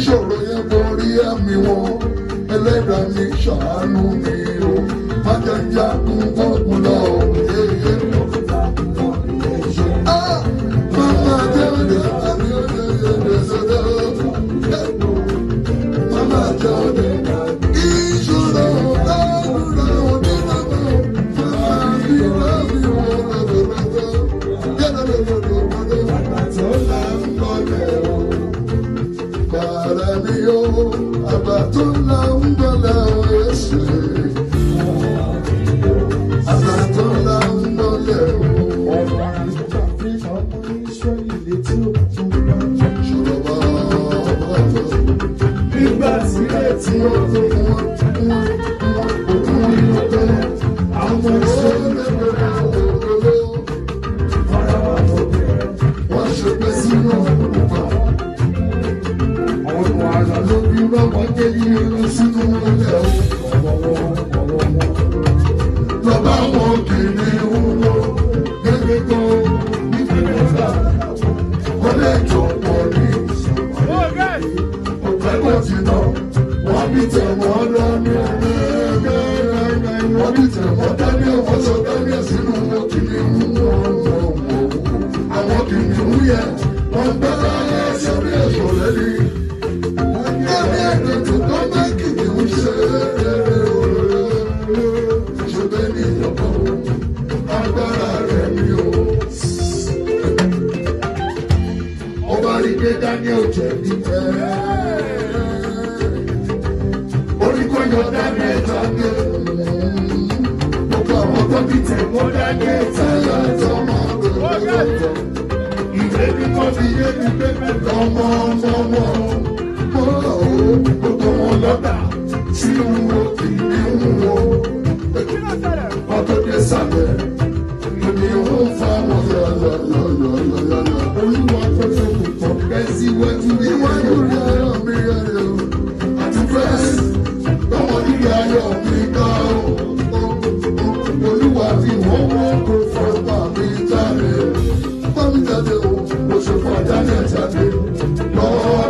ìṣòro yẹn borí ẹ̀mí wọn ẹlẹ́dàá mi ṣàánú mi o mákẹ́jà kún kókun lọ. Mama jẹ́wọ́dẹ̀ àmì òde òde sọ́dọ̀. Mama jẹ́wọ́dẹ̀ ìṣòro ọ̀dùnrà òde mama. Mama bí wọ́n fi wọ́n lọ́dọ̀ lọ́dọ̀. Yẹ́nà lọ́dọ̀ lọ́dọ̀. Àgbàtí ó là ń lọlẹ̀ o. Bàrà mi yó, àgbàtí ó là ń lọ. Let's go. fọṣọ dálẹ̀ sínú wọn kìnìún wọn wọn wọn àwọn kìnìún yẹn wọn gbẹ láyé sórí èso lẹ́lí. lórí ẹ̀dẹ̀ tó tọ́ bá kìnìún ṣe rere òrèrè ṣùgbọ́n ní ìjọba agbára rẹ̀ ni o. Daniel Daniel tẹ̀ mo dágé ìtayà àtọmọ lòlòlòlò. Ìgbẹ́bí mo fi yé mi pé ọmọ ọmọ wọn. Mo lọ o, gbogbo wọn lọ́dà tí n wo kì í ń wo. Ọ̀tọ̀dé sálẹ̀, èmi ò ń fa wọn lọ́lọ́lọ́lọ́lọ́lọ́. Olúwa tó tó kù tọ́ pẹ́ síwájú ní wájú rẹ̀ mi rẹ̀ o. Àti pẹ́ tọmọdé yà yọ̀ mí. Lord